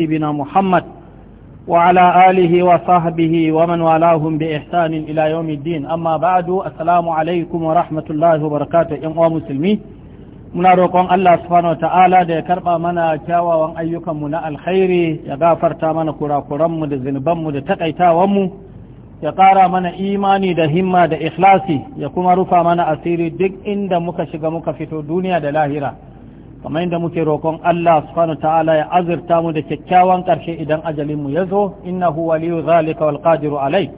سيدنا محمد وعلى آله وصحبه ومن والاهم بإحسان إلى يوم الدين أما بعد السلام عليكم ورحمة الله وبركاته يا مسلمين muna roƙon Allah subhanahu wa ta'ala da ya karɓa mana kyawawan ayyukanmu na alkhairi ya gafarta mana kurakuranmu da zunubanmu da taƙaitawanmu ya ƙara mana imani da himma da ikhlasi ya kuma rufa mana asiri duk inda muka shiga muka fito duniya da lahira kamar yadda muke roƙon Allah subhanahu ta'ala ya azurta mu da kyakkyawan ƙarshe idan ajalin mu ya zo innahu waliyu zalika wal qadiru alai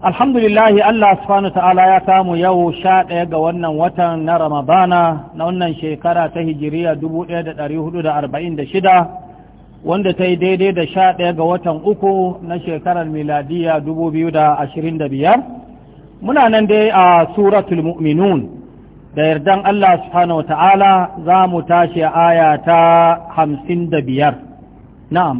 alhamdulillah Allah subhanahu ta'ala ya samu yau sha 11 ga wannan watan na Ramadana na wannan shekara ta Hijiriya 1446 wanda ta yi daidai da sha 11 ga watan uku na shekarar miladiya 2025 muna nan dai a suratul mu'minun da yardan Allah subhanahu wata'ala za mu tashi aya ta hamsin da biyar na'am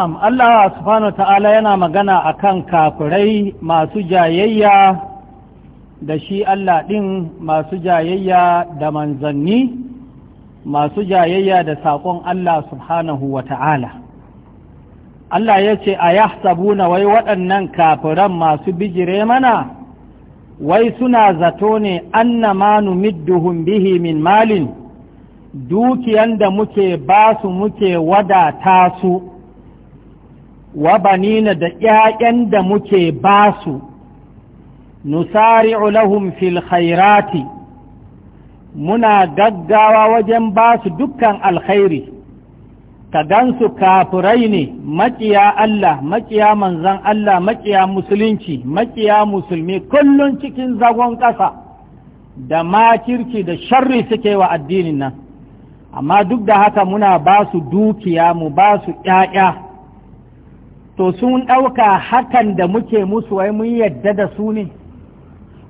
na'am Allah subhanahu ta'ala yana magana a kan kafirai masu jayayya da shi Allah ɗin masu jayayya da manzanni masu jayayya da saƙon Allah subhanahu wa ta'ala Allah ya ce a yahsabuna wai waɗannan kafiran masu bijire mana wai suna zato ne annama numidduhum bihi min malin dukiyan da muke ba su muke wadata su wa banina da ƴaƴan da muke basu nusari'u lahum fil khairati muna gaggawa wajen ba su dukkan alkhairi ka gansu kafurai ne maƙiya Allah maƙiya manzan Allah maƙiya musulunci maƙiya musulmi kullum cikin zagon ƙasa da makirki da sharri suke wa addinin nan amma duk da haka muna ba su dukiya mu ba su ƴaƴa to sun ɗauka hakan da muke musu wai mun yadda da su ne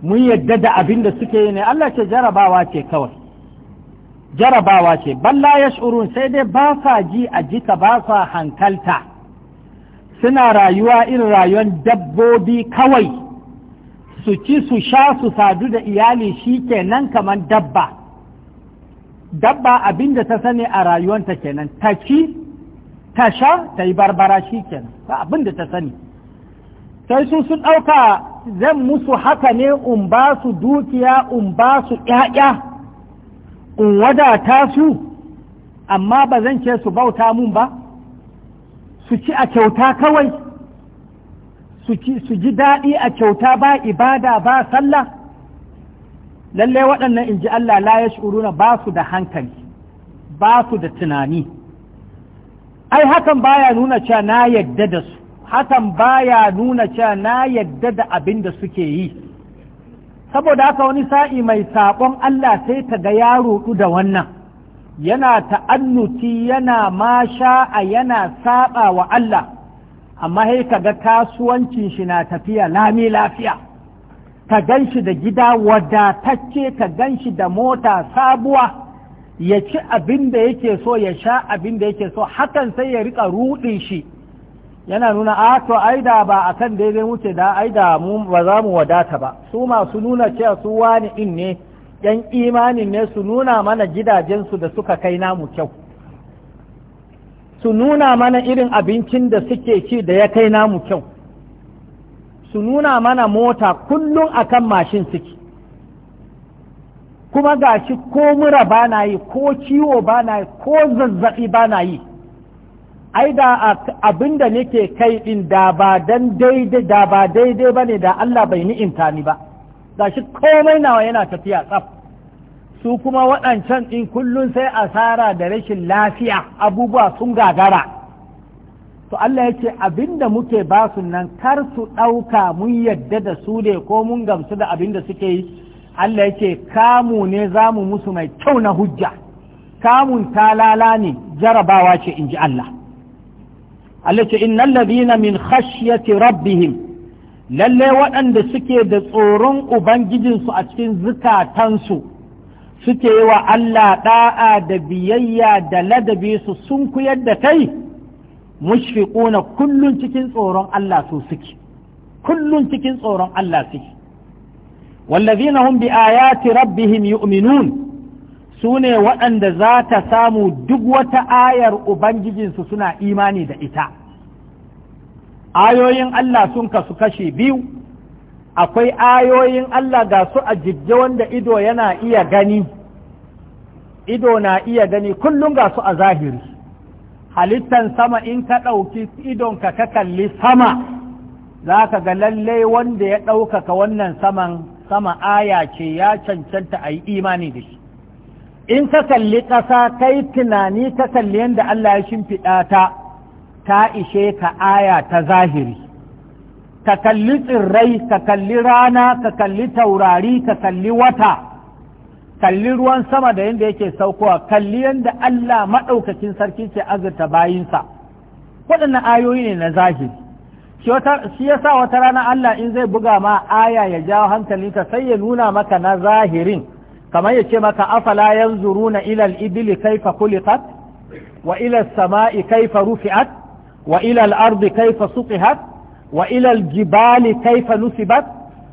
mun yadda da abin da suke yi ne Allah ce jarabawa ce kawai jarabawa ce balla ya shurun sai dai ba sa ji a jika ba sa hankalta suna rayuwa irin rayuwar dabbobi kawai su ci su sha su sadu da iyali shi ke nan kamar dabba dabba abin da ta sani a rayuwanta kenan ta ci ta sha ta yi barbara shi kenan ba abin da ta sani sai su sun ɗauka zan musu haka ne in ba su dukiya in ba su ƴaƴa in wadata su amma ba zan ce su bauta mun ba su ci a kyauta kawai su ji daɗi a kyauta ba ibada ba sallah lallai waɗannan in ji Allah la ya ba su da hankali ba su da tunani ai hakan baya nuna cewa na yadda da su hakan baya nuna cewa na yadda da abin da suke yi saboda haka wani sa'i mai saƙon Allah sai ta ga ya ruɗu da wannan yana ta'annuti yana sha'a, yana saɓa wa Allah amma sai ka ga kasuwancin shi na tafiya lami lafiya ka gan shi da gida wadatacce ka gan shi da mota sabuwa ya ci abin da yake so ya sha abin da yake so hakan sai ya rika rudin shi yana nuna a ah, to aida ba a kan daidai wuce da aida mu ba za mu wadata ba su masu nuna cewa su wani in ne yan imanin ne su nuna mana gidajensu da suka kai namu kyau su nuna mana irin abincin da suke ci da ya kai namu kyau su nuna mana mota kullum akan mashin suke kuma ga shi ko mura ba na yi ko ciwo ba na yi ko zazzaɓi ba na yi ai da abin da nake kai ɗin da ba daidai da ba daidai da Allah bai ni'imta ni ba Ga shi komai nawa yana tafiya tsaf su kuma waɗancan ɗin kullum sai asara da rashin lafiya abubuwa sun gagara to Allah yake da muke ba su nan kar su ɗauka mun yadda da su ne ko mun gamsu da abin da suke yi Allah ya ce kamu ne za mu musu mai kyau na hujja kamun talala ne jarabawa ce in ji Allah Allah ce innal ladina min khashyati rabbihim lalle waɗanda suke da tsoron ubangijinsu a cikin zukatansu suke yi wa Allah ɗa'a da biyayya da ladabi su sun kuyar da kai mushfiquna kullun cikin tsoron Allah su suke kullun cikin tsoron Allah suke wallazina hum bi ayati rabbihim yu'minun su ne waɗanda za ta samu duk wata ayar ubangijinsu suna imani da ita ayoyin Allah sun kasu kashe biyu akwai ayoyin Allah ga su a jibge wanda ido yana iya gani ido na iya gani kullum ga su a zahiri halittan sama in ka ɗauki idonka ka kalli sama za ka ga lallai wanda ya ɗaukaka wannan saman sama aya ce ya cancanta a yi imani da shi in ka kalli ƙasa ta yi tunani ka kalli yadda Allah ya shimfiɗa ta ta ishe ka aya ta zahiri ka kalli tsirrai ka kalli rana ka kalli taurari ka kalli wata kalli ruwan sama da yadda yake saukowa kalli yadda Allah maɗaukacin sarki ce azurta bayinsa waɗannan ayoyi ne na zahiri shi ya sa wata rana Allah in zai buga ma aya ya jawo hankalinka sai ya nuna maka na zahirin kamar ya ce maka afala yanzuruna ila ilal ibli kaifa kulikat wa ilal samai kaifa rufi'at wa ilal ardi kaifa suqihat wa ilal al-jibali kaifa nusibat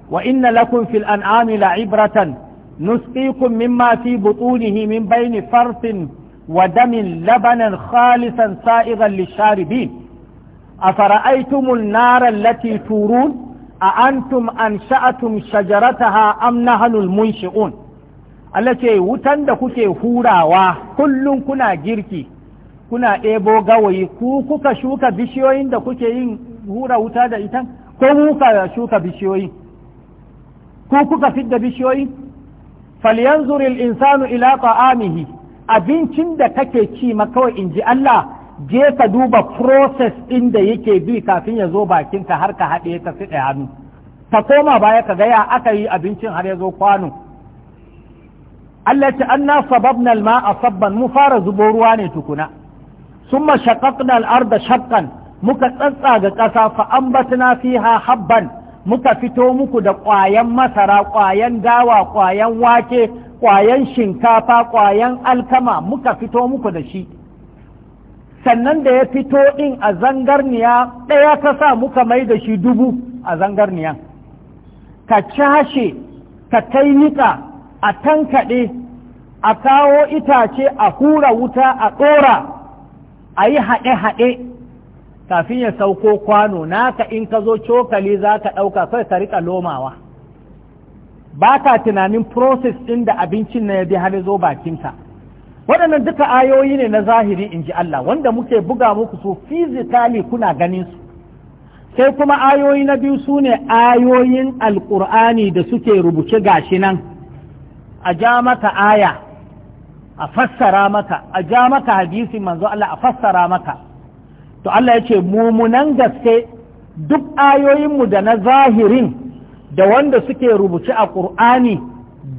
wa inna lakum fil an'ami la'ibratan نسقيكم مما في بطونه من بين فرث ودم لبنا خالصا سائغا للشاربين A afara'aytumul nara allati turun a antum ansha'atum shajarataha am nahnul munshi'un Allah ce wutan da kuke hurawa kullum kuna girki kuna ɗebo gawayi ku kuka shuka bishiyoyin da kuke yin hura wuta da ita ko kuka shuka bishiyoyi ku kuka fidda bishiyoyi falyanzuril insanu ila ta'amihi abincin da kake ci ma kawai in ji Allah je ka duba process ɗin da yake bi kafin ya zo bakinka har ka haɗe ka fiɗe hannu ka koma baya ka gaya aka yi abincin har ya zo kwano Allah ce an na ma a sabban mu fara zubo ruwa ne tukuna su shaqaqna al'ar arda shakkan, muka tsatsa ga ƙasa fa an ambatna fiha habban muka fito muku da ƙwayan masara ƙwayan dawa ƙwayan wake ƙwayan shinkafa ƙwayan alkama muka fito muku da shi sannan da ya fito ɗin a zangarniya ɗaya ka sa muka mai da shi dubu a zangarniya ka cashe ka kai niƙa a tankaɗe a kawo itace a hura wuta a ɗora a yi haɗe-haɗe kafin ya sauko kwano naka in ka zo cokali za ka ɗauka kai ka riƙa lomawa ba ka tunanin process ɗin da abincin na ya bi har zo bakinka waɗannan duka ayoyi ne na zahiri in ji Allah wanda muke buga muku su fizikali kuna ganin su sai kuma ayoyi na biyu su ne ayoyin alƙur'ani da suke rubuce gashi nan a ja maka aya a fassara maka a ja maka hadisi manzo Allah a fassara maka to Allah ya ce mumunan gaske duk ayoyinmu da na zahirin da wanda suke rubuce a ƙur'ani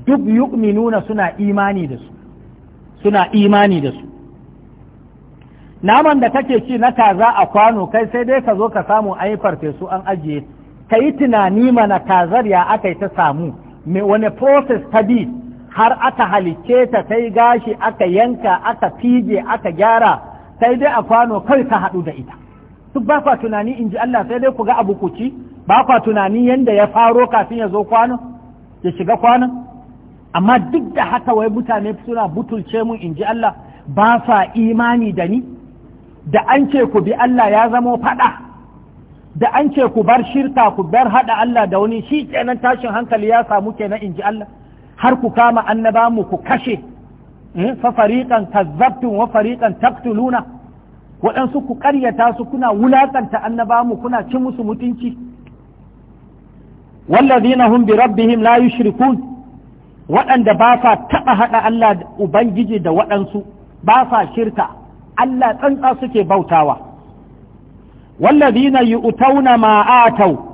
duk yu'minuna suna imani da su suna imani da su naman da kake ci na kaza a kwano kai sai dai ka zo ka samu an yi farfesu an ajiye ka yi tunani mana kazar ya aka yi ta samu me wani process ta bi har aka halicce ta kai gashi aka yanka aka fije aka gyara sai dai a kwano kai ka haɗu da ita duk ba kwa tunani in ji Allah sai dai ku ga abu ku ci ba kwa tunani yanda ya faro kafin ya zo kwano ya shiga kwanan amma duk da haka wai mutane suna butulce mun in ji Allah ba sa imani da ni da an ce ku bi Allah ya zamo faɗa da an ce ku bar shirka ku bar haɗa Allah da wani shi kenan tashin hankali ya samu kenan in ji Allah har ku kama annaba mu ku kashe eh, fa fariqan kazzabtum wa fariqan taqtuluna waɗansu ku ƙaryata su kuna wulakanta annaba mu kuna ci musu mutunci wallazina hum bi rabbihim la yushrikun waɗanda ba sa taɓa haɗa Allah Ubangiji da waɗansu ba sa shirka Allah tsantsa suke bautawa wallazina yu'tauna ma atau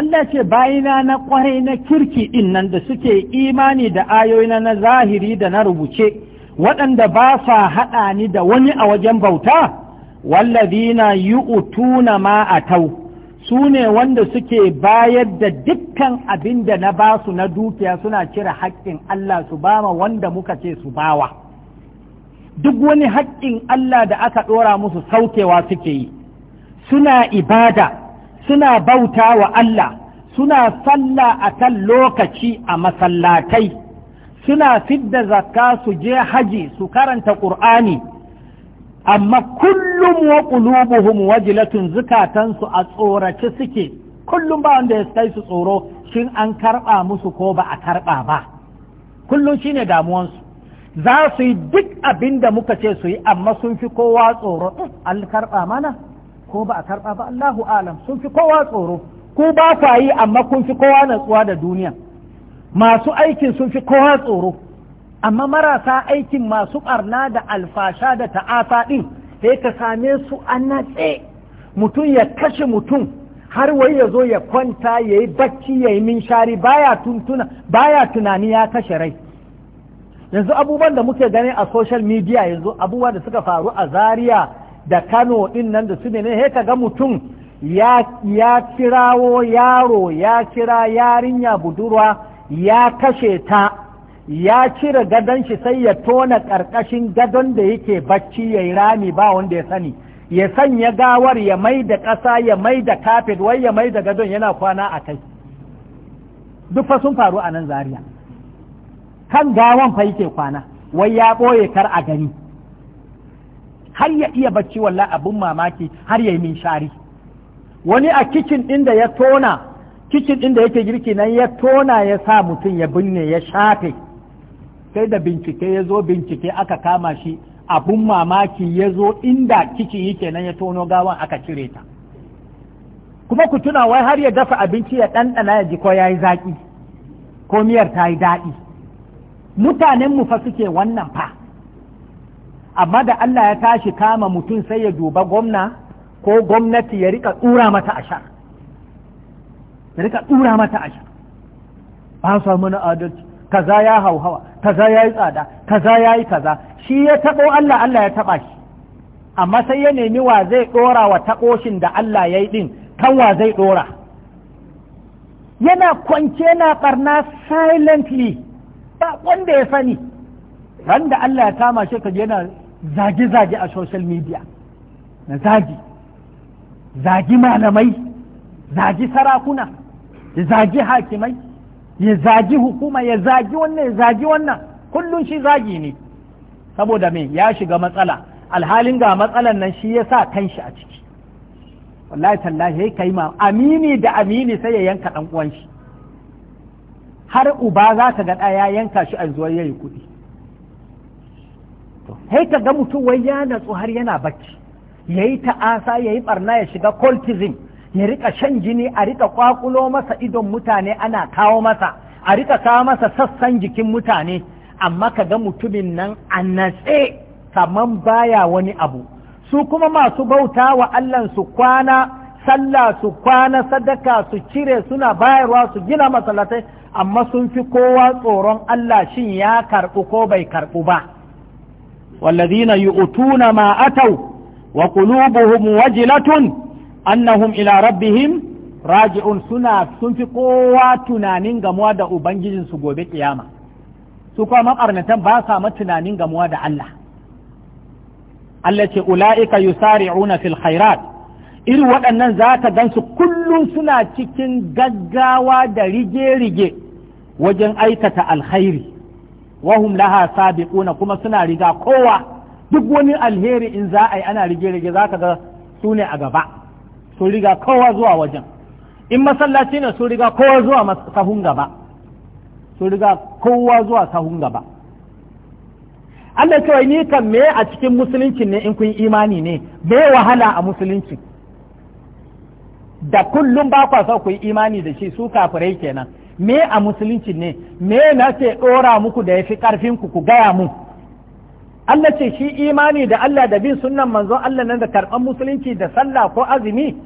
Allah ce bayina na kwarai na kirki din nan da suke imani da ayoyina na zahiri da na rubuce waɗanda ba sa haɗa ni da wani a wajen bauta wallazina yu'tuna ma atau su ne wanda suke bayar da dukkan abin da na basu na dukiya suna cire haƙƙin Allah su bama wanda muka ce su bawa duk wani haƙƙin Allah da aka ɗora musu saukewa suke yi suna ibada suna bauta wa Allah suna salla a kan lokaci a masallatai suna fidda zakka su je haji su karanta ƙur'ani amma kullum wa ƙulubuhum wajilatun zukatansu a tsorace suke kullum ba wanda ya kai su tsoro shin an karɓa musu ko ba a karɓa ba kullum shine damuwansu za su yi duk abin da muka ce su yi amma sun fi kowa tsoro eh, an karɓa mana ko ba a karɓa ba Allahu alam sun fi kowa tsoro ku ba sa yi amma kun fi kowa natsuwa da duniya masu aikin sun fi kowa tsoro amma marasa aikin masu ɓarna da alfasha da ta'asa ɗin sai ka same su an natse mutum ya kashe mutum har wai ya zo ya kwanta ya yi bacci ya yi minshari baya tuntuna baya tunani ya kashe rai yanzu abubuwan da muke gani a social media yanzu abubuwan da suka faru a zaria da kano ɗin nan da su ne ne ka ga mutum ya kirawo yaro ya kira yarinya budurwa ya kashe ta ya cire gadon shi sai ya tona ƙarƙashin gadon da yake bacci ya yi rami ba wanda ya sani ya sanya gawar ya mai da ƙasa ya mai da kafet wai ya mai da gadon yana kwana a kai duk fa sun faru a nan Zariya kan gawan fa yake kwana wai ya ɓoye kar a gani har ya iya bacci walla abun mamaki har ya yi minshari wani a kicin ɗin da ya tona kicin ɗin da yake girki nan ya tona ya sa mutum ya binne ya shafe sai da bincike ya zo bincike aka kama shi abun mamaki ya zo inda kicin yake nan ya tono gawan aka cire ta kuma ku tuna wai har ya dafa abinci ya ɗanɗana ya ji ko ya yi zaƙi ko miyar ta yi daɗi mutanen mu fa suke wannan fa amma da Allah ya tashi kama mutum sai ya duba gwamna ko gwamnati ya rika tsura mata ashar ya rika tsura mata ashar ba su mana adalci kaza ya hauhawa kaza ya yi tsada kaza ya yi kaza shi ya taɓo Allah Allah ya taɓa shi amma sai ya nemi wa zai ɗora wa taƙoshin da Allah ya yi ɗin kan wa zai ɗora yana kwance yana ɓarna silently ba wanda ya sani ran da Allah ya kama shi ka yana zage-zage a social media na zagi zagi malamai zagi sarakuna ya zagi hakimai ya zagi hukuma ya zagi wannan ya zagi wannan kullum shi zagi ne saboda me ya shiga matsala alhalin ga matsalan nan shi ya sa kanshi a ciki wallahi tallahi ya kai ma amini da amini sai ya yanka ɗan uwan shi har uba za ka ga ya yanka shi a zuwa yayi kuɗi sai ka ga mutum wai ya natsu har yana bacci ya yi ta'asa ya yi barna ya shiga cultism ya rika shan jini a rika kwakulo masa idon mutane ana kawo masa a rika kawo masa sassan jikin mutane amma ka ga mutumin nan a natse kaman baya wani abu su kuma masu bauta wa Allah su kwana sallah su kwana sadaka su cire suna bayarwa su gina masallatai amma sun fi kowa tsoron Allah shin ya karɓu ko bai karɓu ba والذين يؤتون ما أتوا وقلوبهم وجلة أنهم إلى ربهم راجعون سنة سنفقوا تنانين غمواد أبنجز سبوب قيامة سوكوا مقرنة باسا ما تنانين غمواد الله التي أولئك يسارعون في الخيرات irin waɗannan za ta gansu kullum suna cikin gaggawa da rige-rige wajen aikata alkhairi wahum laha sabiquna kuma suna riga kowa duk wani alheri in za a yi ana rige rige zaka ga su ne a gaba sun riga kowa zuwa wajen in masallaci ne sun riga kowa zuwa sahun gaba sun riga kowa zuwa sahun gaba Allah cewa ni kan me a cikin musulunci ne in kun imani ne me wahala a musulunci da kullum ba kwa ku yi imani da shi su kafirai kenan me a musulunci ne me na ce ɗora muku da ya fi ƙarfinku ku gaya mu Allah ce shi imani da Allah da bin sunnan manzon Allah nan da karɓar musulunci da sallah ko azumi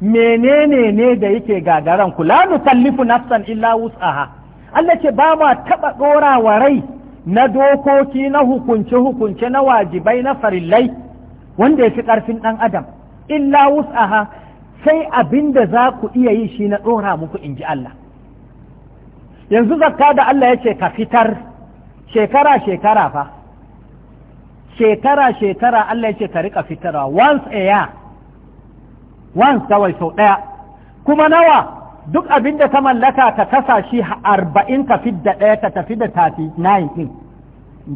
menene ne da yake gagaran ku la nukallifu nafsan illa wus'aha Allah ce ba ma taɓa ɗora wa rai na dokoki na hukunce hukunce na wajibai na farillai wanda ya fi ƙarfin ɗan adam illa wus'aha sai abin da za ku iya yi shi na ɗora muku in ji Allah yanzu zakka da Allah ya ce ka fitar shekara shekara fa shekara shekara Allah ya ce ka rika fitarwa once a year once kawai sau ɗaya kuma nawa duk abin da ta mallaka ka kasa shi arba'in ka da ɗaya ka tafi da tafi nine in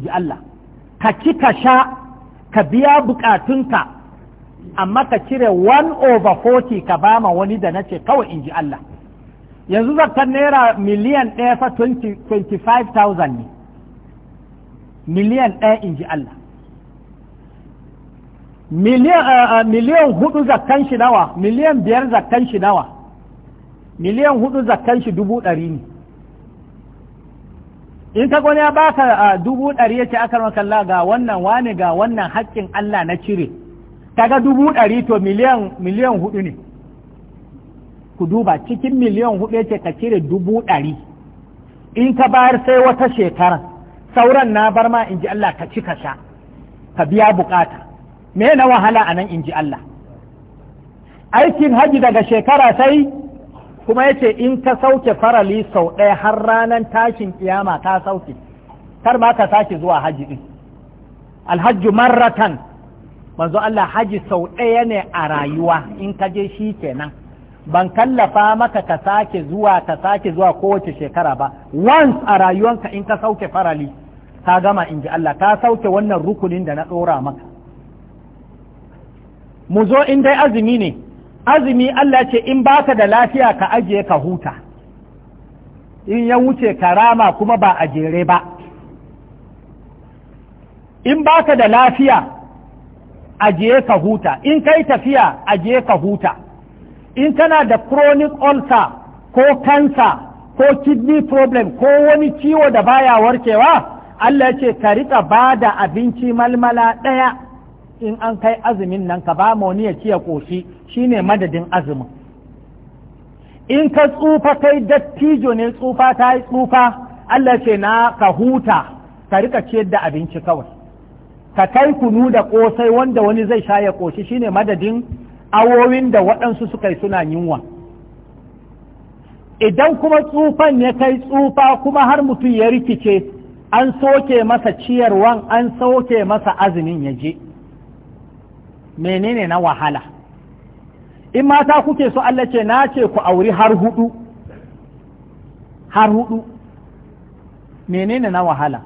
ji Allah ka ci ka sha ka biya bukatunka amma ka cire one over forty ka bama wani da nace kawai in ji Allah yanzu zartar naira miliyan ɗaya fa 25,000 ne miliyan ɗaya in ji Allah miliyan eh, eh, hudu zakkan shi nawa miliyan biyar zakkan shi nawa miliyan hudu zakkan shi dubu ɗari ne in ka gwani ya baka eh, dubu ɗari ya ce aka makalla ga wannan wani ga wannan haƙƙin Allah na cire kaga dubu ɗari to miliyan hudu ne ku duba cikin miliyan hudu ce ka cire dubu ɗari in ka bayar sai wata shekara sauran na bar ma in ji Allah ka ci ka sha ka biya bukata me na wahala a nan in ji Allah aikin haji daga shekara sai kuma yace in ka sauke farali sau ɗaya har ranar tashin kiyama ta sauke kar ma ka sake zuwa haji ɗin, alhaji marratan manzo Allah haji sau ɗaya ne a rayuwa in ka je shi kenan ban kallafa maka ka sake zuwa ka sake zuwa kowace shekara ba once a rayuwanka in ka sauke farali ka gama in ji Allah ka sauke wannan rukunin da na tsora maka mu zo in dai azumi ne azumi Allah ce in baka da lafiya ka ajiye ka huta in ya wuce ka kuma ba a jere ba in baka da lafiya ajiye ka huta in kai tafiya ajiye ka huta in kana da chronic ulcer ko cancer ko kidney problem ko wani ciwo da baya warkewa Allah ce ka riƙa ba da abinci malmala ɗaya in an kai azumin nan ka ba ma wani ya ya ƙoshi shine madadin azumin in ka tsufa kai dattijo ne tsufa ta yi tsufa Allah ce na ka huta ka rika ciyar da abinci kawai ka kai kunu da kosai wanda wani zai sha ya koshi shine madadin awowin da waɗansu suka yi suna yunwa idan kuma tsufan ya kai tsufa kuma har mutum ya rikice an soke masa ciyarwan an soke masa azumin ya je menene na wahala in mata kuke so Allah ce na ce ku auri har hudu har hudu menene na wahala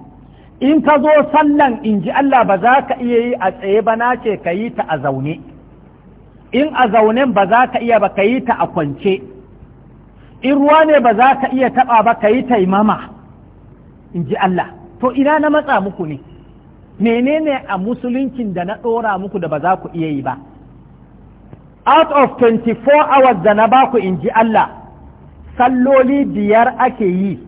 in ka zo sallan in ji Allah ba za ka iya yi a tsaye ba na ce ka yi ta a zaune in a zaunen ba za ka iya ba ka yi ta a kwance in ruwa ne ba za ka iya taɓa ba ka yi taimama in ji Allah to ina na matsa muku ne menene a musuluncin da na ɗora muku da ba za ku iya yi ba out of 24 hours da na baku in ji Allah salloli biyar ake yi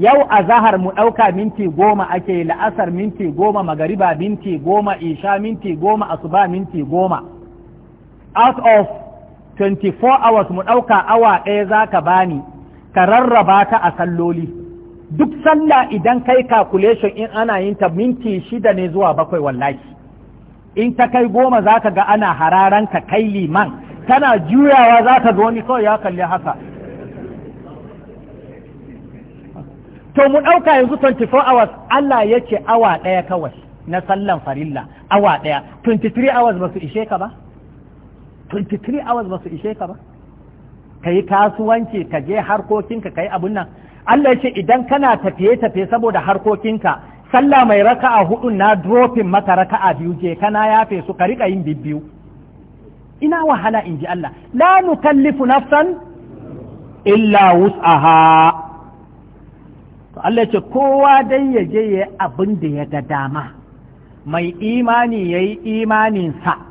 yau a zahar mu ɗauka minti goma ake yi la'asar minti goma magariba minti goma isha minti goma asuba minti goma out of 24 hours mu ɗauka awa ɗaya za ka bani ka rarraba ta a salloli duk sallah idan kai calculation in ana yin ta minti shida ne zuwa bakwai wallahi in ta kai goma za ka ga ana hararan ka kai liman tana juyawa za ka ga wani kawai ya kalli haka to mu ɗauka yanzu 24 hours Allah ya ce awa ɗaya kawai na sallan farilla awa ɗaya 23 hours ba su ishe ka ba 23 hours ba su ishe ka ba ka yi kasuwanci ka je harkokinka ka yi abun nan Allah ya ce idan kana tafiye-tafiye saboda harkokinka sallah mai raka'a hudu na dropping maka raka'a biyu je kana yafe su ka rika yin biyu ina wahala in ji Allah la nukallifu nafsan illa wus'aha to Allah ce kowa dai ya je ya abin da ya ga dama mai imani yayi imaninsa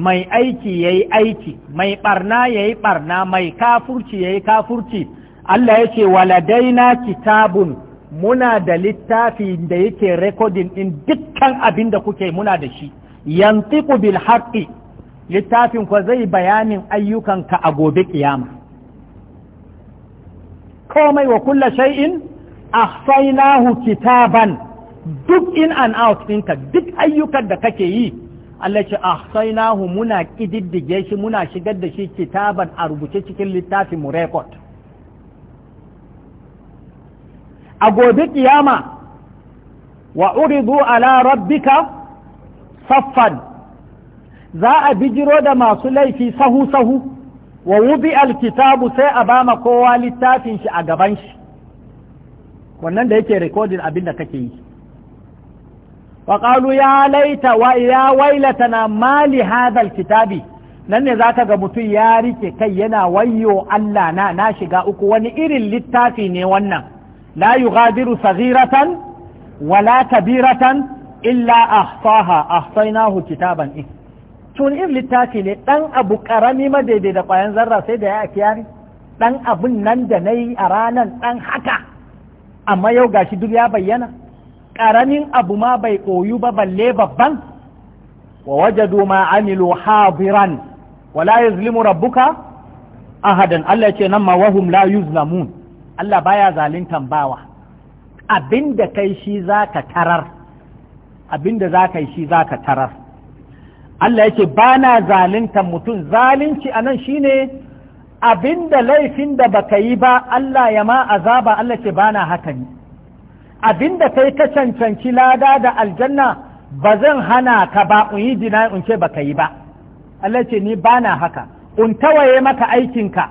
mai aiki ya yi aiki mai ɓarna ya yi barna mai kafurci ya yi kafurci Allah ya ce waladaina kitabun muna da littafi da yake rekodin ɗin dukkan abin da kuke muna da shi yantiku bil haqqi littafin ku zai bayanin ayyukanka a gobe kiyama komai wa kulla shay'in ahsaynahu kitaban duk in and out ɗinka duk ayyukan da kake yi Allah ce ah, nahu muna ƙididdige shi muna shigar da shi kitaban a rubuce cikin littafin mu record a gobe kiyama wa uridu ala rabbika saffan za a bijiro da masu laifi sahu sahu wa wubi alkitabu sai a bama kowa littafin shi a gaban shi wannan da yake rikodin abin da kake yi faƙalu ya laita wa ya wailatana mali hadal kitabi nan ne zaka ga mutum ya rike kai yana wayo Allah na na shiga uku wani irin littafi ne wannan la yughadiru saghiratan wala kabiratan illa ahsaha ahsaynahu kitaban in tun irin littafi ne dan abu karami madaidai da kwayan zarra sai da ya akiyari dan abun nan da nayi a ranan dan haka amma yau gashi duk ya bayyana ƙaramin abu ma bai koyu ba balle babban wa wajadu ma amilu hadiran wala yuzlimu rabbuka ahadan Allah ce nan ma wahum la yuzlamun Allah baya zaluntan bawa abinda kai shi zaka tarar abinda zaka yi shi zaka tarar Allah yake bana zaluntan mutum zalunci anan shine abinda laifin da baka yi ba Allah ya ma azaba Allah ce bana haka ne abinda kai ka cancanci lada da aljanna ba zan hana ka ba in yi jina in ce baka yi ba Allah ce ni na haka in tawaye maka aikinka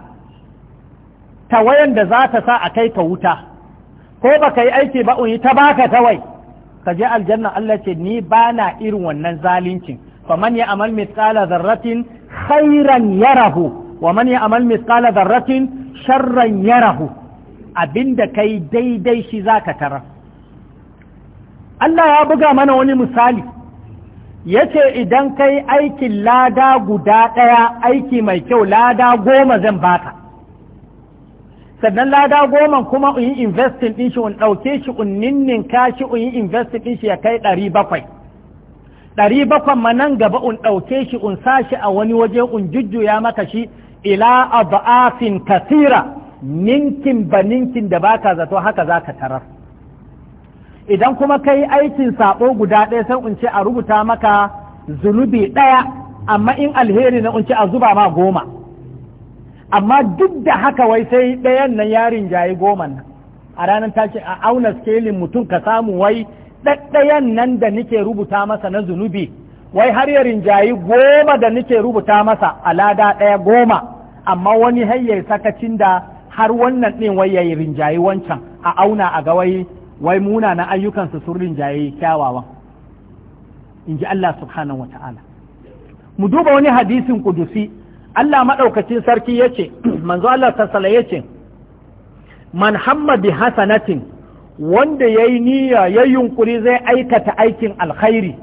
tawayen da za ta sa a kai ka wuta ko baka yi aiki ba in yi ta baka tawai ka je aljanna Allah ce ni bana irin wannan zalincin man ya amal mithqala zarratin khairan yarahu wa man ya amal mithqala zarratin sharran yarahu abinda kai daidai shi zaka tarar Allah ya buga mana wani misali ya ce idan kai aikin lada guda ɗaya aiki mai kyau lada goma zan baka sannan lada goma kuma in investin ɗin shi in ɗauke shi in ninnin shi in investin ɗin shi ya kai ɗari bakwai ɗari bakwai ma nan gaba in ɗauke shi in sa shi a wani waje in jujjuya maka shi ila abu'afin kasira ninkin ba ninkin da baka zato haka za ka tarar idan kuma ka yi aikin saɓo guda ɗaya sai in ce a rubuta maka zunubi ɗaya amma in alheri na in ce a zuba ma goma amma duk da haka wai sai ɗayan na yarin jayi goman nan a ranar tashi a auna skelin mutum ka samu wai ɗaɗɗayan nan da nike rubuta masa na zunubi wai har ya rinjayi goma da nike rubuta masa a lada ɗaya goma amma wani hayyar sakacin da har wannan ɗin wai ya rinjayi wancan a auna a ga wai wai munana sa sun rinjaye kyawawan in ji Allah subhanahu wata'ala mu duba wani hadisin kudusi Allah maɗaukacin sarki ya ce manzo Allah sassala ya ce man hamma hasanatin wanda ya yi niyya ya yunkuri zai aikata aikin alkhairi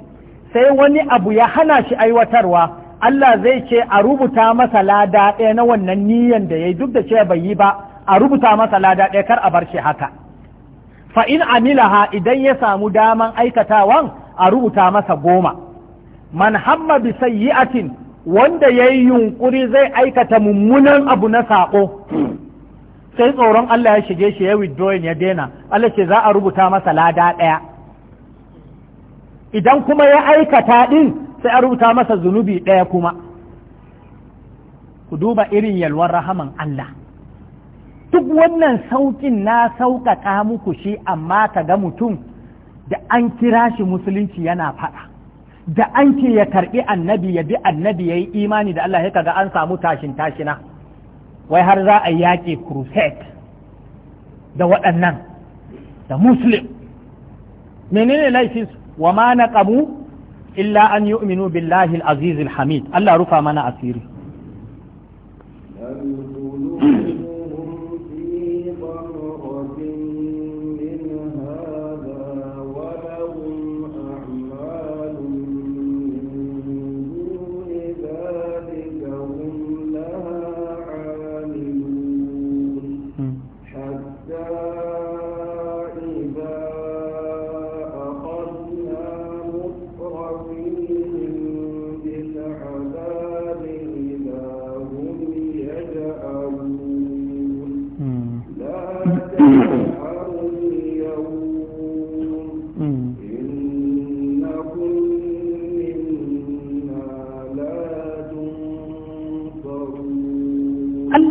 sai wani abu ya hana shi aiwatarwa Allah zai ce a rubuta masa lada ɗaya na wannan niyyan da ya yi duk da ce bai yi ba a rubuta masa lada ɗaya kar a bar shi haka fa in amilaha idan ya samu daman aikatawan a rubuta masa goma man hamma bi sayyi'atin wanda ya yi yunkuri zai aikata mummunan abu na saƙo. sai tsoron Allah ya shige shi ya withdrawing ya dena Allah ce za a rubuta masa lada ɗaya idan kuma ya aikata ɗin sai a rubuta masa zunubi ɗaya kuma ku duba irin yalwar rahaman Allah duk wannan sauƙin na saukaka muku shi amma ka ga mutum da an kira shi musulunci yana faɗa da an ce ya karɓi annabi ya bi annabi ya yi imani da Allah ya kaga an samu tashin tashina wai har za a yaƙe crusade da waɗannan da muslim menene laifin wa ma naqamu illa an yu'minu billahi al-aziz al-hamid Allah rufa mana asiri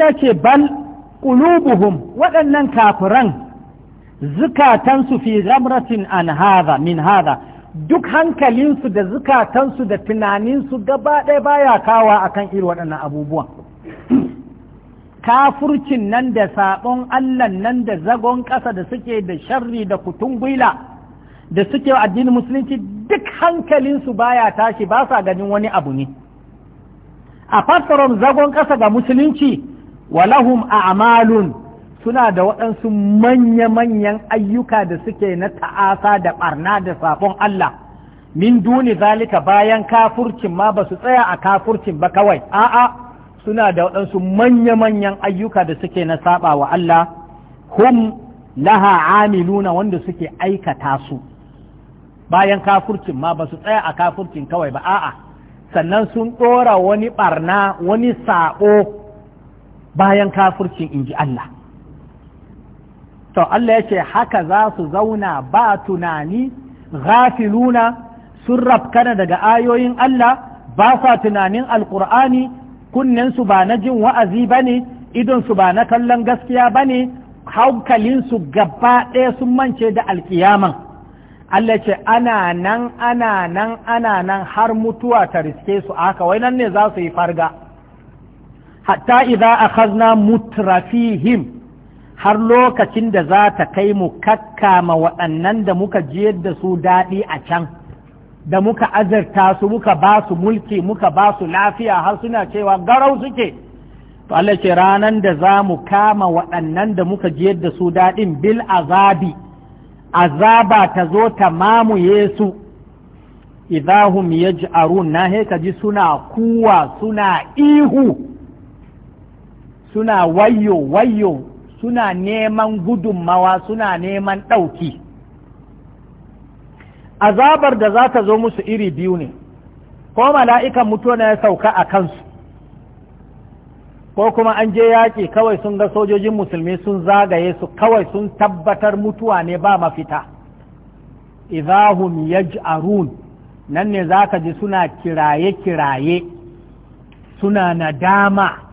ta ce bal qulubuhum waɗannan kafiran zukatansu fi ghamratin an hada min hada duk hankalinsu da zukatansu da tunanin su gaba ɗaya baya kawa akan irin waɗannan abubuwan kafurcin nan da saɓon Allah nan da zagon ƙasa da suke da sharri da kutungwila da suke addinin musulunci duk hankalinsu baya tashi ba sa ganin wani abu ne a fasarar zagon ƙasa ga musulunci walahum a'malun suna da waɗansu manya-manyan ayyuka da suke na ta'asa da ɓarna da sabon Allah min duni zalika bayan kafurcin ma ba su tsaya a kafurcin ba kawai a'a suna da waɗansu manya-manyan ayyuka da suke na saba wa Allah hum laha amiluna wanda suke aikata su bayan kafurcin ma ba su tsaya a kafurcin kawai ba a'a sannan sun ɗora wani ɓarna wani saɓo bayan in ji Allah to Allah ya ce haka za su zauna ba tunani gafiluna sun rafkana daga ayoyin Allah ba sa tunanin alkur'ani kunnensu ba na jin wa'azi ba ne idonsu ba na kallon gaskiya ba ne hankalinsu gaba ɗaya sun mance da alkiyaman Allah ce ana nan ana nan ana nan har mutuwa ta riske su aka wai nan ne za su yi farga hatta idza akhadna mutrafihim har lokacin da za ta kai mu kakkama waɗannan da muka jiyar da su daɗi a can da muka azarta su muka ba su mulki muka ba su lafiya har suna cewa garau suke to Allah ce ranan da za mu kama waɗannan da muka jiyar da su daɗin bil azabi azaba ta zo ta mamuye su idahum yaj'arun na ka ji suna kuwa suna ihu suna wayo wayo suna neman gudunmawa suna neman ɗauki azabar da za ta zo musu iri biyu ne ko mala'ikan mutuwa ya sauka a kansu ko kuma an je yaƙi kawai sun ga sojojin musulmi sun zagaye su kawai sun tabbatar mutuwa ne ba mafita idahum yaj'arun nan ne zaka ji suna kiraye-kiraye suna nadama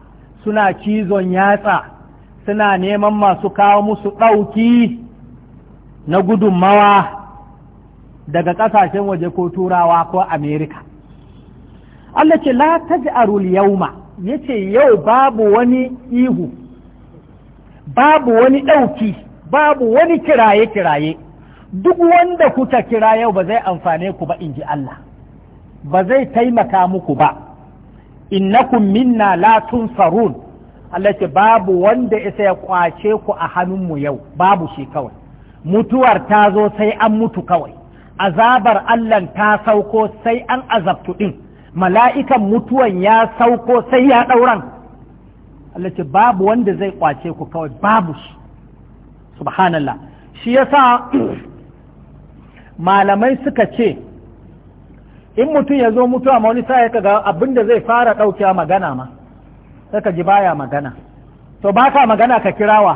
suna cizon yatsa suna neman masu kawo musu ɗauki na gudunmawa daga ƙasashen waje ko turawa ko amerika Allah ce la taj'arul yauma yace yau babu wani ihu babu wani ɗauki babu wani kiraye-kiraye duk wanda kuka kira yau ba zai amfane ku ba in ji Allah ba zai taimaka muku ba innakum minna la tunsarun Allah ce babu wanda isa ya kwace ku a hannun mu yau babu shi kawai mutuwar ta zo sai an mutu kawai azabar Allah ta sauko sai an azabtu din mala'ikan mutuwan ya sauko sai ya ɗauran Allah ce babu wanda zai kwace ku kawai babu shi subhanallah shi yasa malamai suka ce in mutum ya zo mutuwa ma wani sai ya ga abin da zai fara ɗaukewa magana ma sai ka ji baya magana to ba ka magana ka kirawa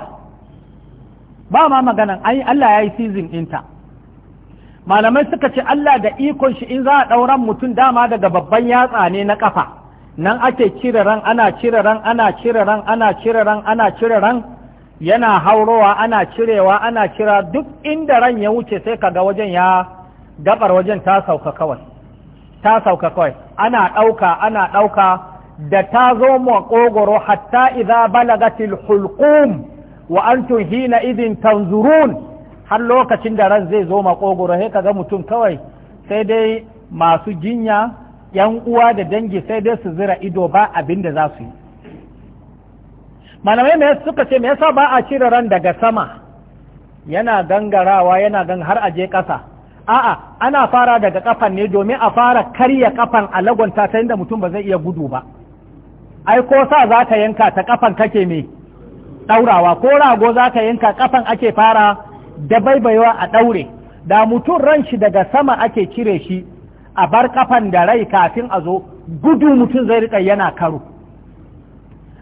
ba ma ai Allah ya yi season ɗinta malamai suka ce Allah da ikon shi in za a ɗauran mutum dama daga babban yatsa ne na ƙafa nan ake cire ran ana cire ran ana cire ran ana cire ran ana cire ran yana haurowa ana cirewa ana cira duk inda ran ya wuce sai kaga wajen ya gabar wajen ta sauka kawai ta sauka kawai ana ɗauka ana ɗauka da ta zo maƙogoro hatta idza balagatil hulqum wa antum hina idin tanzurun har lokacin da ran zai zo maƙogoro sai kaga mutum kawai sai dai masu jinya yan uwa da dangi sai dai su zira ido ba abin da za su yi malamai me suka ce me yasa ba a cire ran daga sama yana gangarawa yana gan har aje ƙasa a'a ana fara daga kafan ne domin a fara karya kafan a lagonta ta inda mutum ba zai iya gudu ba ai ko sa za ka yanka ta kafan kake me ɗaurawa ko rago za ka yanka kafan ake fara da baibayewa a ɗaure da mutum ran shi daga sama ake cire shi a bar kafan da rai kafin a zo gudu mutum zai riƙa yana karo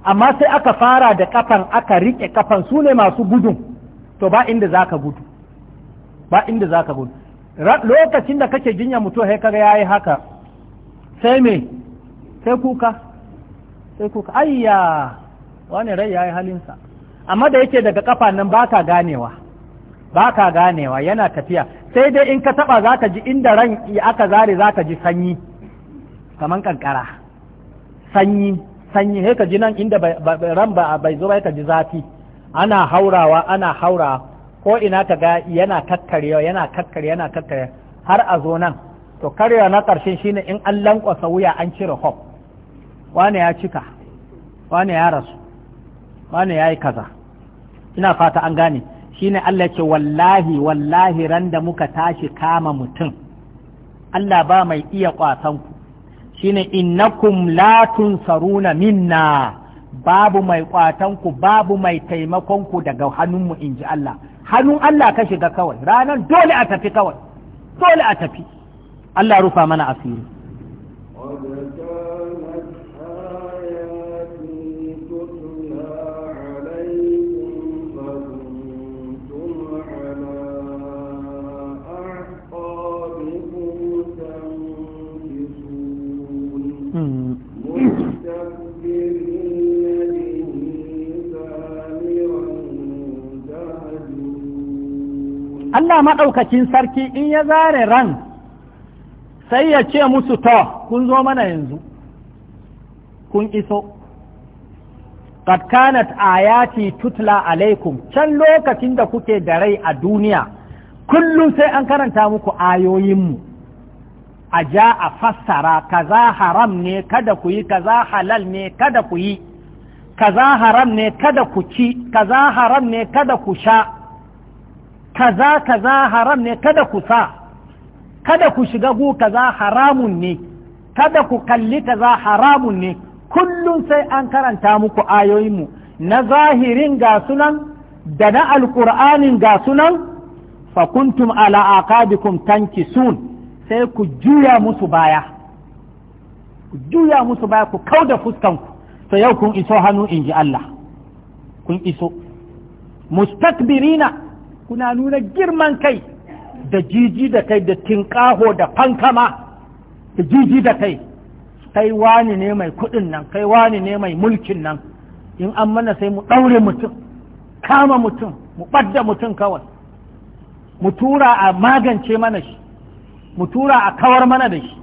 amma sai aka fara da kafan aka riƙe kafan su ne masu gudun to ba inda za ka gudu ba inda za ka gudu lokacin da kake jinya mutu sai kaga yayi haka sai me sai kuka sai kuka ayya wani rai yayi halinsa amma da yake daga kafa nan baka ganewa baka ganewa yana tafiya sai dai in ka taba zaka ji inda ran aka zare zaka ji sanyi kaman kankara sanyi sanyi sai ka ji nan inda ran ba bai zo ba ka ji zafi ana haurawa ana haurawa ko ina ka ga yana tattarewa yana tattare yana tattare har a zo nan to karya na ƙarshen shine in an lankwasa wuya an cire hop wane ya cika wane ya rasu wane ya yi kaza ina fata an gane shine Allah ce wallahi wallahi ran da muka tashi kama mutum Allah ba mai iya kwasan ku shine innakum la tunsaruna minna babu mai kwatan ku babu mai taimakon ku daga hannunmu inji Allah hannun Allah ka shiga kawai ranar dole a tafi kawai dole a tafi Allah rufa mana asiri Allah maɗaukacin sarki in ya zare ran sai ya ce musu to kun zo mana yanzu kun iso qad kanat ayati tutla alaikum can lokacin da kuke da rai a duniya kullum sai an karanta muku ayoyinmu a ja a fassara kaza haram ne kada ku yi kaza halal ne kada ku yi kaza haram ne kada ku ci kaza haram ne kada ku sha kaza kaza haram ne kada ku sa kada ku shiga gu kaza haramun ne kada ku kalli kaza haramun ne kullum sai an karanta muku ayoyinmu na zahirin ga sunan da na alkur'anin ga sunan fakuntum ala aqabikum tankisun sai ku juya musu baya ku juya musu baya ku kauda fuskanku to yau kun iso hannu in ji Allah kun iso mustakbirina kuna nuna girman kai da jiji da kai da tinƙaho da fankama da jiji da kai kai wani ne mai kuɗin nan kai wani ne mai mulkin nan in an mana sai mu ɗaure mutum kama mutum mu ɓadda mutum kawai mu tura a magance mana shi mu tura a kawar mana da shi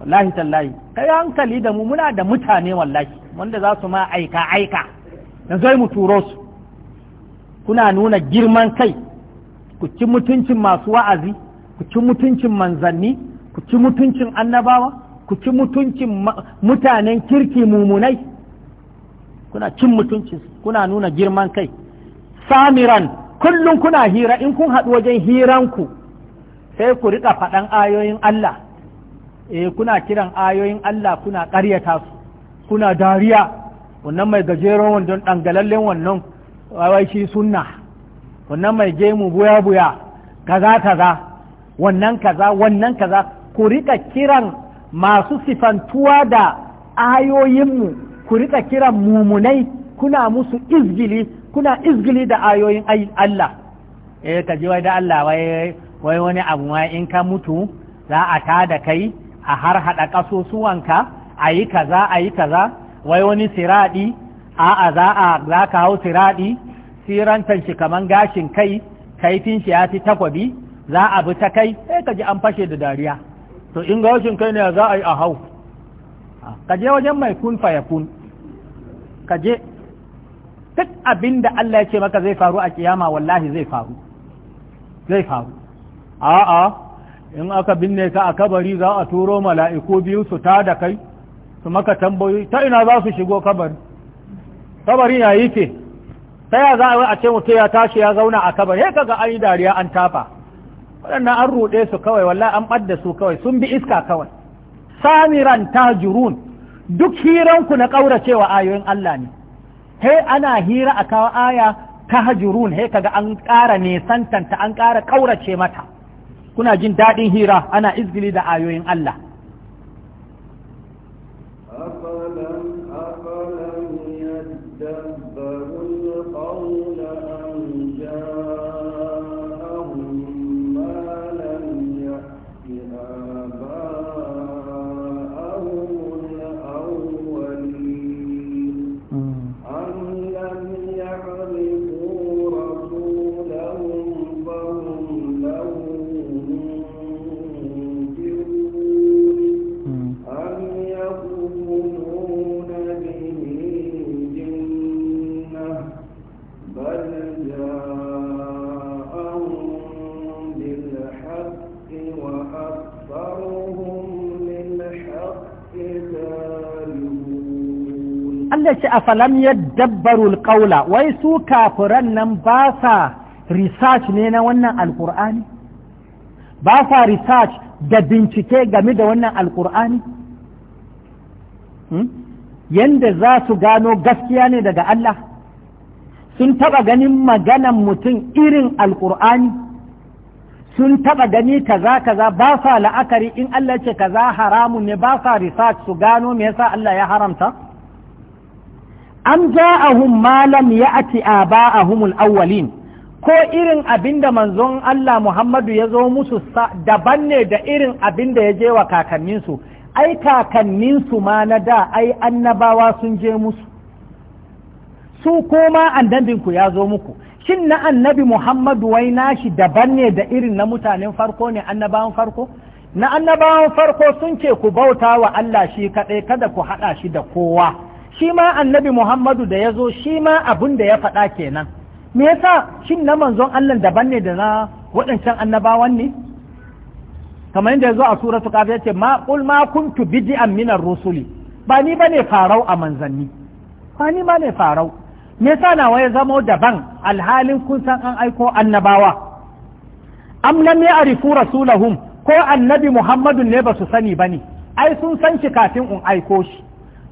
wallahi tallahi kai hankali da mu muna da mutane wallahi wanda za su ma aika aika yanzu mu turo su kuna nuna girman kai ku ci mutuncin masu wa'azi ku ci mutuncin manzanni ku ci mutuncin annabawa ku ci mutuncin mutanen kirki mumunai kuna cin mutuncin kuna nuna girman kai samiran kullum kuna hira in kun haɗu wajen hiranku sai ku riƙa faɗan ayoyin Allah eh kuna kiran ayoyin Allah kuna ƙaryata su kuna dariya wannan mai gajeren wandon ɗangalallen wannan wai shi sunna wannan mai gemu buya buya kaza kaza wannan kaza wannan kaza ku rika kiran masu sifantuwa da ayoyinmu ku rika kiran mumunai kuna musu izgili kuna izgili da ayoyin Allah eh ka ji wai da Allah wai wani abu wai in ka mutu za a ta da kai a har hada ka a yi kaza a yi kaza wai wani siradi a'a za a za ka hau siraɗi sirantan shi kaman gashin kai kaifin shi ya fi takwabi za a bi ta kai sai ka ji an fashe da dariya to in gashin kai ne za a yi a hau ka je wajen mai kun fa kun ka je duk abin da Allah ya ce maka zai faru a kiyama wallahi zai faru zai faru a'a in aka binne ka a kabari za a turo mala'iku biyu su ta da kai su maka tambayoyi ta ina za su shigo kabari kabarin ya yi ce ta ya za a ce mutu ya tashi ya zauna a kabar ya kaga an yi dariya an tafa waɗannan an ruɗe su kawai wallahi an ɓadda su kawai sun bi iska kawai samiran hajiru duk hiranku na ƙauracewa ayoyin Allah ne he ana hira a kawo aya tahjurun he kaga an ƙara nesantanta an ƙara ƙaurace mata kuna jin daɗin hira ana izgili da ayoyin Allah ce a falam yadabbarul qawla wai su kafiran nan ba sa research ne na wannan alkur'ani ba sa research da bincike game da wannan alkur'ani hmm? yanda za su gano gaskiya ne daga Allah sun taba ganin maganan mutum irin alkur'ani sun taba gani kaza kaza ba sa la'akari in Allah ce kaza haramun ne ba sa research su gano me yasa Allah ya haramta am ja'ahum ma lam a humul awwalin ko irin abinda manzon Allah Muhammadu ya zo musu daban ne da irin abinda ya je wa kakanninsu ai kakanninsu ma na da ai annabawa sun je musu su koma annabinku ya zo muku shin na annabi Muhammadu wai nashi daban ne da irin na mutanen farko ne annabawan farko na annabawan farko sun ce ku bauta wa Allah shi kaɗai kada ku haɗa shi da kowa shi ma annabi Muhammadu da ya zo shi ma abin da ya faɗa kenan me yasa shin na manzon Allah daban ne da na waɗancan annabawan ne kamar yadda ya zo a suratu kafa ya ce ma qul ma kuntu bid'an min rusuli ba ni bane farau a manzanni ba ni ne farau me yasa na ya zama daban alhalin kun san an aiko annabawa am lam ya'rifu rasulahum ko annabi Muhammadu ne ba su sani bane ai sun san shi kafin in aiko shi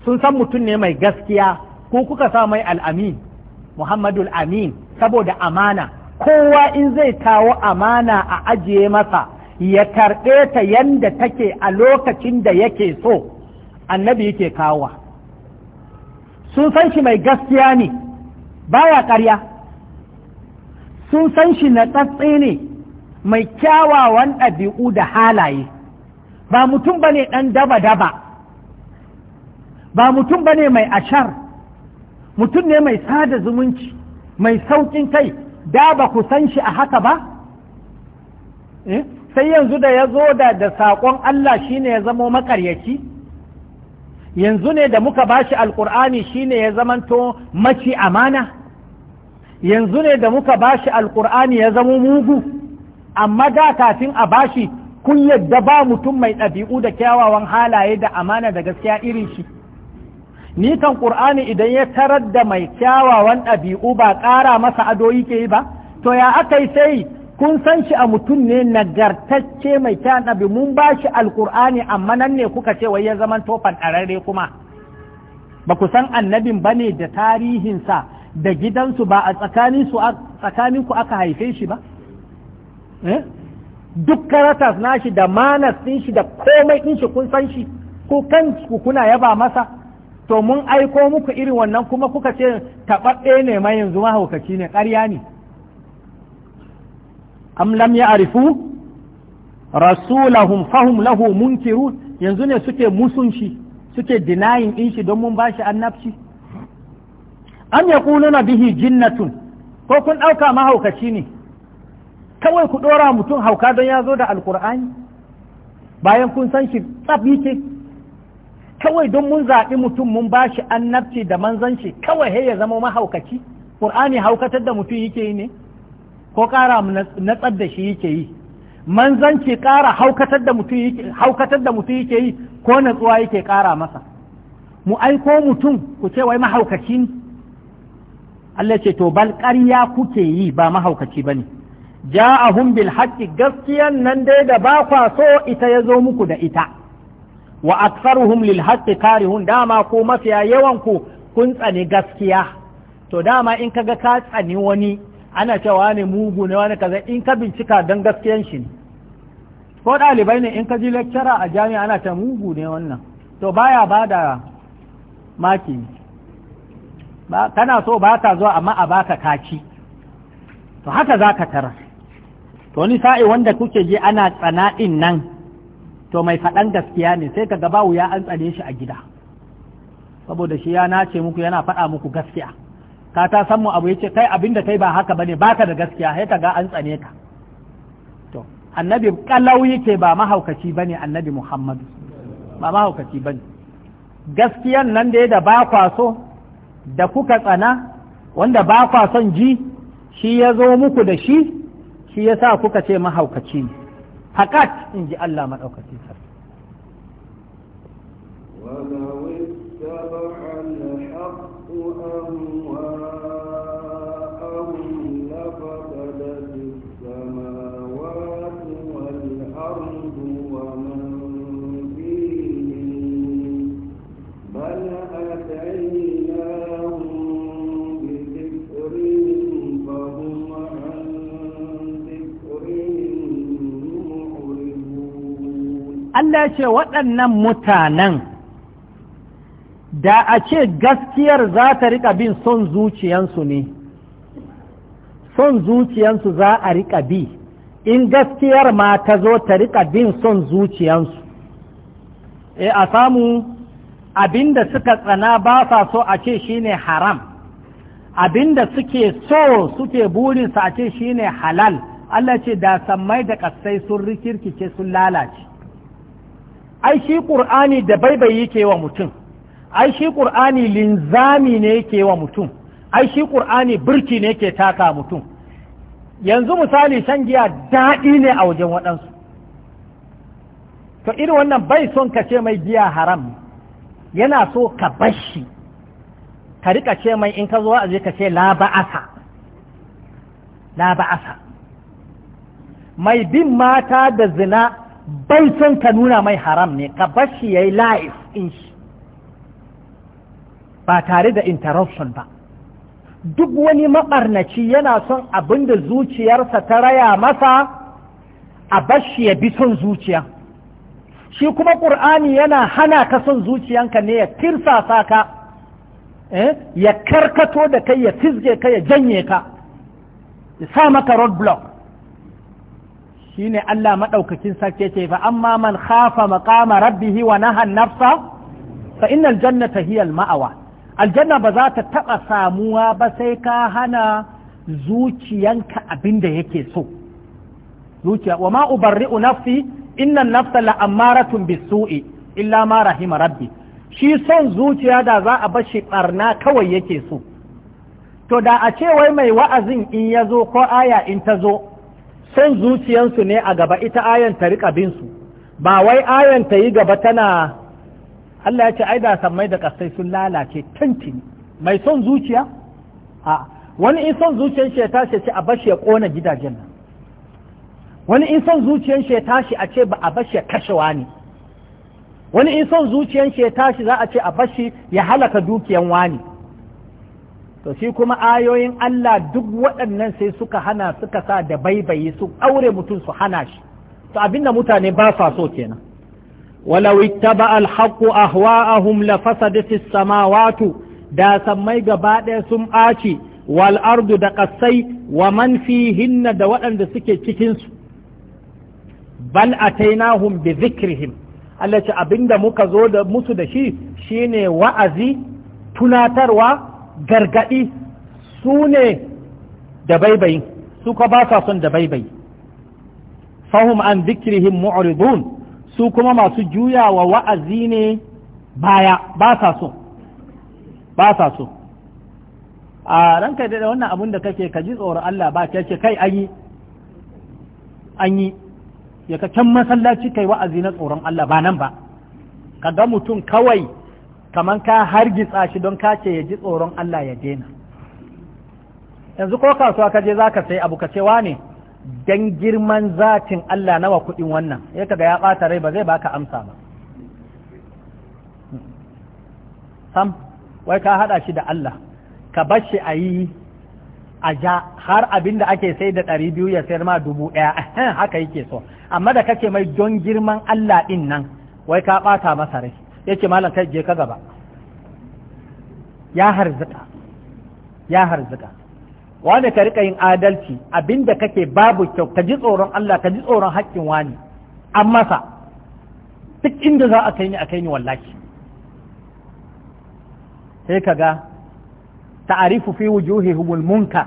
sun san mutum ne mai gaskiya ko kuka sa mai al'amin muhammadul amin saboda amana kowa in zai kawo amana a ajiye masa ya karɓe ta yanda take a lokacin da yake so annabi yake kawowa sun san shi mai gaskiya ne baya ƙarya sun san shi na tsatsi ne mai kyawawan ɗabi'u da halaye ba mutum ba ne ɗan daba-daba ba mutum ba ne mai ashar mutum ne mai sada zumunci mai saukin kai da ba ku san shi a haka ba eh, sai yanzu da ya zo da da saƙon Allah shine ya zamo makaryaci yanzu ne da muka bashi alƙur'ani shine ya zamanto maci amana yanzu ne da muka ba shi alƙur'ani ya zamo mugu amma da kafin a bashi kun yadda ba mutum mai ɗabi'u da kyawawan halaye da amana da gaskiya irin shi ni kan qur'ani idan ya tarar da mai kyawawan ɗabi'u ba ƙara masa ado yake yi ba to ya aka yi sai kun san shi a mutum ne nagartacce mai kyan ɗabi mun ba shi alƙur'ani amma nan ne kuka ce wai ya zaman tofan ɗararre kuma ba ku san annabin ba ne da tarihinsa da gidansu ba a tsakanin ku aka haife shi ba eh? duk karatas nashi da manas ɗin shi da komai ɗin shi kun san shi ko kan kuna yaba masa to mun aiko muku irin wannan kuma kuka ce taɓaɓɓe ne ma yanzu mahaukaci ne ƙarya ne am lam ya arifu rasulahum fahum lahu munkiru yanzu ne suke musunshi suke denying din shi don mun bashi annabci am ya na bihi jinnatun ko kun ɗauka mahaukaci ne kawai ku ɗora mutum hauka don ya zo da alkur'ani bayan kun san shi tsab yake kawai don mun zaɓi mutum mun ba shi annabci da manzanci kawai ya zama mahaukaci ƙur'ani haukatar da mutum yake yi ne ko ƙara natsar da shi yake yi manzanci ƙara haukatar da mutum yake yi ko natsuwa yake ƙara masa mu aiko mutum ku ce wai mahaukaci ne Allah ce to bal ƙarya kuke yi ba mahaukaci ba ne a bil haqqi gaskiyan nan dai da ba kwa so ita ya zo muku da ita wa aktsaruhum lil haqqi karihun dama ko mafiya yawan ku kun tsani gaskiya to dama in kaga ka tsani wani ana cewa ne mugu ne wani kaza in ka bincika dan gaskiyan shi ne ko ɗalibai ne in ka ji lecture a jami'a ana ta mugu ne wannan to baya bada maki ba kana so ba ka zuwa amma a baka kaci to haka za ka tara to ni sa'i wanda kuke je ana tsana'in nan to mai faɗan gaskiya ne sai ka gabawu ya an tsane shi a gida saboda shi ya nace muku yana faɗa muku gaskiya ka ta san mu abu yace kai abinda kai ba haka bane baka da gaskiya sai ka ga an tsane ka to annabi kalau yake ba mahaukaci bane annabi Muhammad ba mahaukaci bane gaskiyan nan da ya da ba kwa so da kuka tsana wanda ba kwa son ji shi ya zo muku da shi shi yasa kuka ce mahaukaci ne hakat in ji Allah maɗaukacin sarki ولو اتبع الحق Allah ya ce waɗannan mutanen da a ce gaskiyar za ta riƙa bin son zuciyansu ne son zuciyansu za a riƙa bi in gaskiyar ma ta zo ta riƙa bin son zuciyansu e a samu abinda suka tsana ba sa so a ce shine haram abinda suke so suke burinsa a ce shine halal Allah ce da sammai da ƙasai sun rikirkice sun lalace ai shi qur'ani da baibayi yake wa mutum ai shi qur'ani linzami ne yake wa mutum ai shi qur'ani birki ne yake taka mutum yanzu misali shan giya daɗi ne a wajen waɗansu to irin wannan bai son ka ce mai giya haram yana so ka bashi ka rika ce mai in ka zo a je ka ce la ba'asa la ba'asa mai bin mata da zina bai son ka nuna mai haram ne ka bashi ya yi la'if in shi ba tare da interruption ba duk wani maɓarnaci yana son abin da zuciyarsa ta raya masa a bashi ya bi son zuciya shi kuma ƙur'ani yana hana ka son zuciyanka ne ya tirsasa ka eh, ya karkato da kai ya fizge ka ya janye ka ya sa maka roadblock shine Allah madaukakin sarki ce fa amma man khafa maqama rabbihi wa naha nafsa fa innal jannata hiya al ma'awa aljanna ba za ta taba samuwa ba sai ka hana zuciyanka abin da yake so zuciya wa ma ubarri'u nafsi inna nafsa la bisu'i illa ma rahima rabbi shi son zuciya da za a bashi barna kawai yake so to da a ce wai mai wa'azin in ya zo ko aya in ta zo son zuciyansu ne a gaba ita ayan ta riƙa binsu ba wai ayan ta yi gaba tana Allah ya ce ai da mai da kasai sun lalace tantini mai son zuciya a wani in son zuciyan shi ya tashi ce a bashi ya kona gidajen nan wani in son zuciyan shi ya tashi a ce ba a bashi ya kashewa ne wani in son zuciyan shi ya tashi za a ce a bashi ya halaka dukiyan wani to shi kuma ayoyin Allah duk waɗannan sai suka hana suka sa da baibayi su aure mutum su hana shi to abinda mutane ba sa so kenan walau ittaba alhaqu ahwa'ahum la fasadati samawati da sammai gaba ɗaya sun ɓaci wal ardu da ƙasai wa man fihinna da waɗanda suke cikinsu bal atainahum bi zikrihim Allah ce abinda muka zo da musu da shi shine wa'azi tunatarwa gargaɗi su ne da baibayin su ka ba sa son da baibayi fahum an zikirihim mu'ridun su kuma masu juyawa wa'azi ne baya ba sa so ba sa so a ranka da wannan abun da kake ka ji tsoron Allah ba ke ce kai anyi anyi ya ka can masallaci kai wa'azi na tsoron Allah ba nan ba ka ga mutum kawai kamar ka hargitsa shi don ka ce ya ji tsoron Allah ya daina yanzu ko kasuwa ka je za ka sai abu ka ce ne don girman zatin Allah nawa kuɗin wannan ya kaga ya ɓata rai ba zai baka amsa ba sam wai ka haɗa shi da Allah ka bar shi a yi a ja har abin da ake sai da ɗari biyu ya sayar ma dubu ɗaya haka yake so amma da kake mai don girman Allah ɗin nan wai ka ɓata masa rai ya ce malam kai je ka gaba ya harzika ya harzika wani ka rika yin adalci abinda kake babu kyau ka ji tsoron Allah ka ji tsoron haƙƙin wani an masa duk inda za a kai ni a kai ni wallahi sai ka ga ta'arifu fi wujuhihumul munka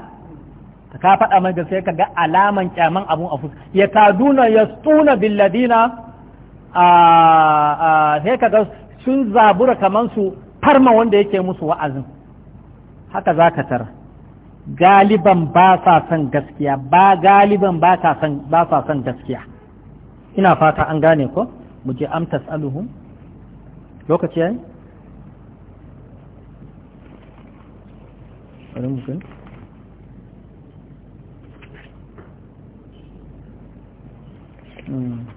ka ka faɗa mai sai ka ga alaman kyaman abun a fuska ya kaduna ya tsuna billadina sai ka ga sun zabura kaman su farma wanda yake musu wa'azin haka za ka tara galiban ba sa son gaskiya ba galiban ba sa son gaskiya ina fata an gane ko mu je am tas'aluhum lokaci yayi mu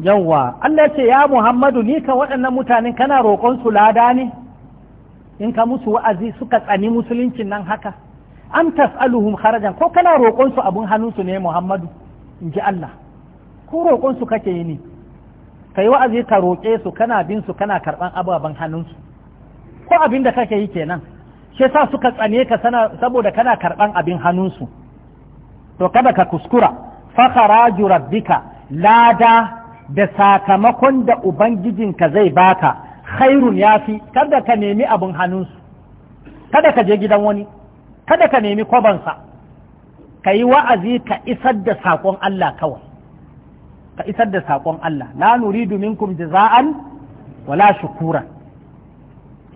Yawwa, Allah ce ya Muhammadu ni ka waɗannan الله يا محمد نيك lada ne in ka musu wa'azi suka tsani musuluncin nan haka an tas'aluhum harajan ko kana roƙon su abun hannunsu ne Muhammadu in ji Allah ko roƙon su kake yi ne kai wa'azi ka roƙe su kana bin su kana karɓan ababen hannunsu ko abin da kake yi kenan shi sa suka tsane ka saboda kana karɓan abin hannunsu to kada ka kuskura fakharaju rabbika lada da sakamakon da ubangijinka zai baka khairun yafi kada ka nemi abin hannunsu kada ka je gidan wani kada ka nemi kwabansa ka yi wa'azi ka isar da saƙon Allah kawai ka isar da saƙon Allah la nuridu minkum jaza'an wala shukura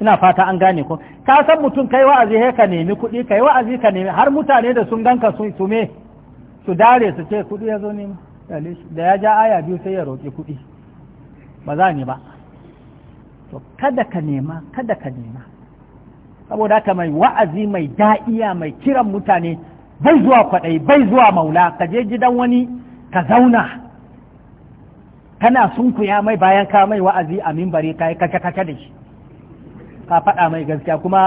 ina fata an gane ko ka san mutum kai wa'azi he ka nemi kuɗi kai wa'azi ka nemi har mutane da sun ganka sun sume su dare su ce kuɗi ya zo nema da ya ja aya biyu sai ya roƙi kuɗi ba za ni ba to kada ka nema kada ka nema saboda haka mai wa'azi mai da'iya mai kiran mutane bai zuwa kwaɗayi bai zuwa maula ka je gidan wani ka zauna kana sunkuya mai bayan ka mai wa'azi a mimbari ka yi kace kace da shi ka faɗa mai gaskiya kuma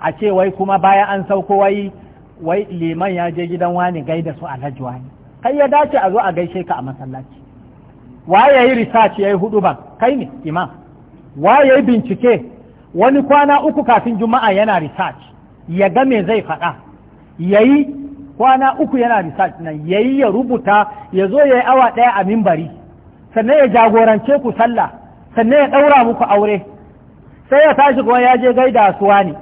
a ce wai kuma bayan an sauko wai wai liman ya je gidan wani gaida su alhaji wani kai ya dace a zo a gaishe ka a masallaci waye yayi research yayi hudu ba, kai ne imam waye yi bincike wani kwana uku kafin juma'a yana research ya ga me zai faɗa yayi kwana uku yana research nan yayi ya rubuta ya zo yayi awa ɗaya a mimbari sannan ya jagorance ku sallah sannan ya ɗaura muku aure sai ya tashi kuma ya je gaida suwa ne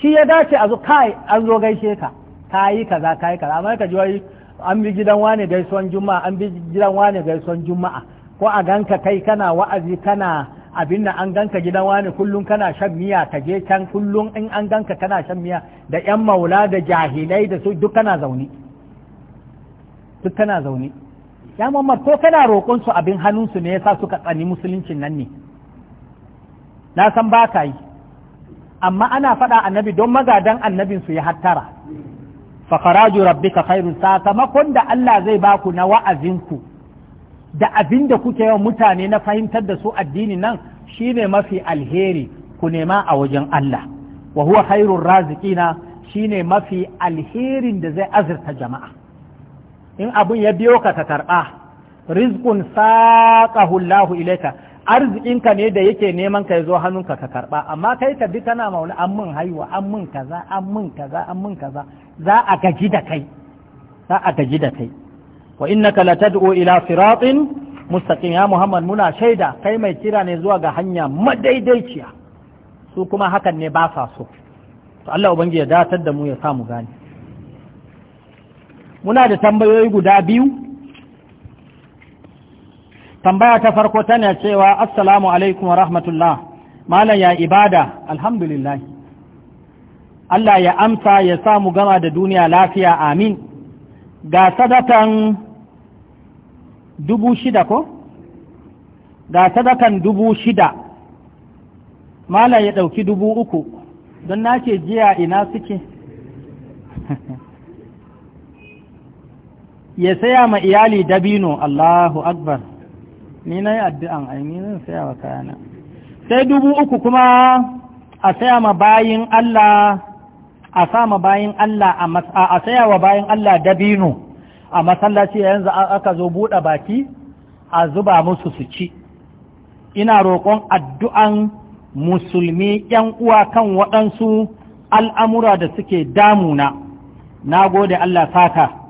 shi ya dace a zo kai an zo gaishe ka ka yi kaza ka yi kaza amma ka ji wai an bi gidan wane gaisuwan juma'a an bi gidan wane gaisuwan juma'a ko a ganka kai kana wa'azi kana abin nan an ganka gidan wani kullum kana shan miya ka je can kullum in an ganka kana shan miya da yan maula da jahilai da su duk kana zaune duk kana zaune ya mamar ko kana roƙon su abin hannunsu ne yasa suka tsani musuluncin nan ne na san ba ka yi amma ana faɗa annabi don magadan annabin su ya hattara fa rabbi rabbika khairun sakamakon da Allah zai baku na wa'azinku da abin da kuke yawan mutane na fahimtar da su addini nan shine mafi alheri ku nema a wajen Allah wa huwa khairur raziqina shine mafi alherin da zai azurta jama'a in abun ya biyo ka ka karɓa rizqun saqahu ilaika arzikinka ne da yake neman ka zo hannunka ka karɓa amma kai ka bi kana mauna an mun haihuwa an mun kaza an mun kaza an mun kaza za a gaji da kai za a gaji da kai wa innaka ila siratin mustaqim ya muhammad muna shaida kai mai kira ne zuwa ga hanya madaidaiciya su kuma hakan ne ba sa so to Allah ubangi ya datar da mu ya sa mu gani muna da tambayoyi guda biyu tambaya ta farko tana cewa assalamu alaikum wa rahmatullah malam ya ibada alhamdulillah Allah ya amsa ya samu gama da duniya lafiya amin ga sadakan dubu shida ko? ga sadakan dubu shida malam ya ɗauki dubu uku don na jiya ina suke ya saya ma iyali dabino Allahu akbar ni na yi addu'an Ni zan saya wa kayana sai dubu uku kuma a saya ma bayin Allah a sama bayin Allah a saya wa bayin Allah dabino a masallaci yanzu aka zo buɗe baki a zuba musu su ci ina roƙon addu'an musulmi ‘yan uwa kan waɗansu al'amura da suke damuna na gode Allah saka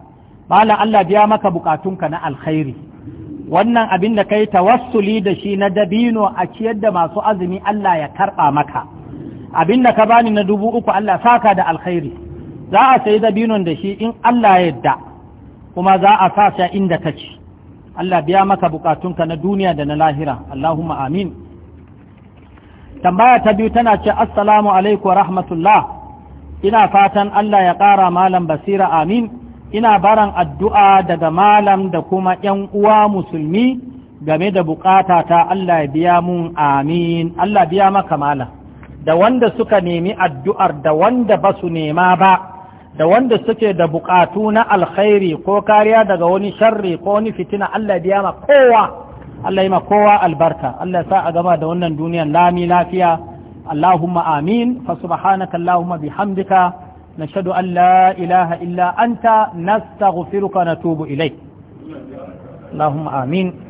malam Allah biya maka bukatunka na alkhairi wannan abin da kai tawassuli da shi na dabino a ciyar da masu azumi Allah ya karɓa maka abin da ka bani na dubu uku Allah saka da alkhairi za a sayi dabinon da shi in Allah ya yadda kuma za a sa shi inda ka ci Allah biya maka bukatunka na duniya da na lahira Allahumma amin tambaya ta biyu tana ce assalamu alaikum wa rahmatullah ina fatan Allah ya ƙara malam basira amin ina baran addu'a daga malam da kuma ‘yan uwa musulmi game da bukata ta Allah ya biya mun amin Allah biya maka malam da wanda suka nemi addu'ar da wanda ba su nema ba da wanda suke da bukatu na alkhairi ko kariya daga wani sharri ko wani fitina Allah biya ma kowa Allah ma kowa albarka Allah sa a gama da wannan duniyan lami lafiya Allahumma amin fa subhanaka Allahumma bihamdika نشهد أن لا إله إلا أنت نستغفرك ونتوب إليك اللهم آمين